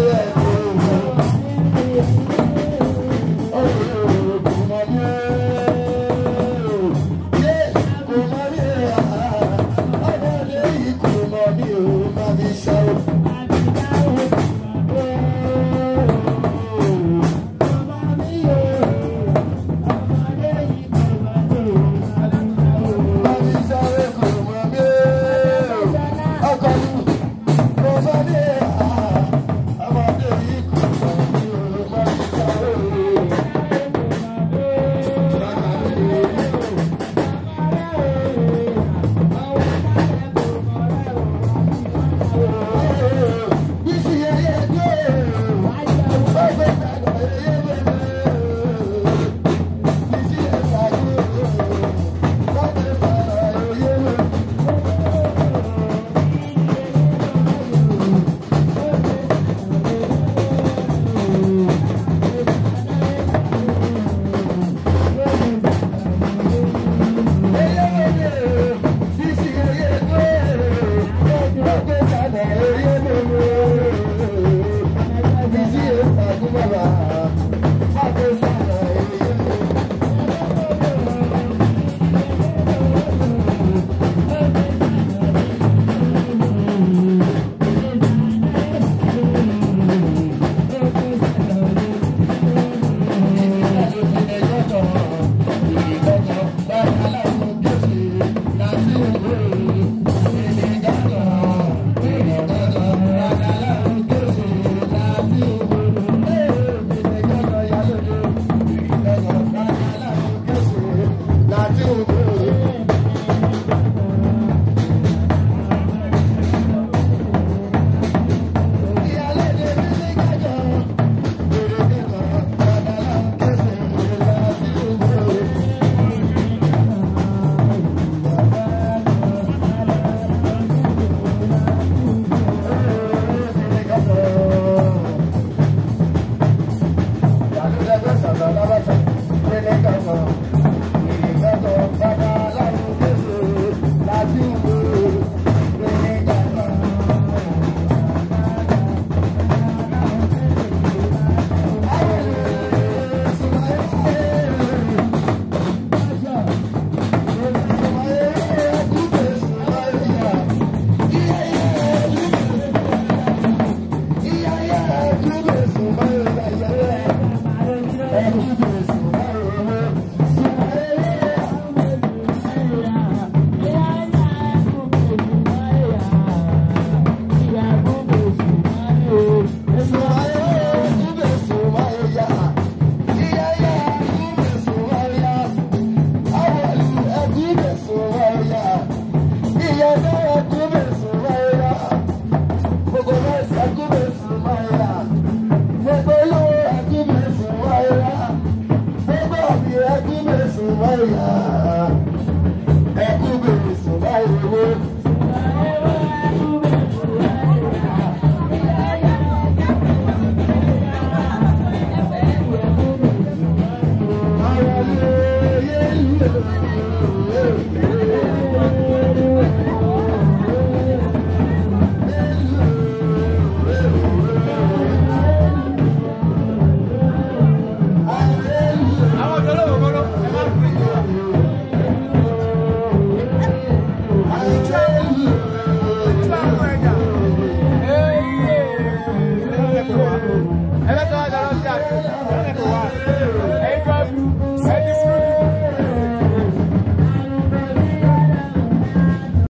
Yeah. world. Maria. Ela está, ela está. Ela é boa.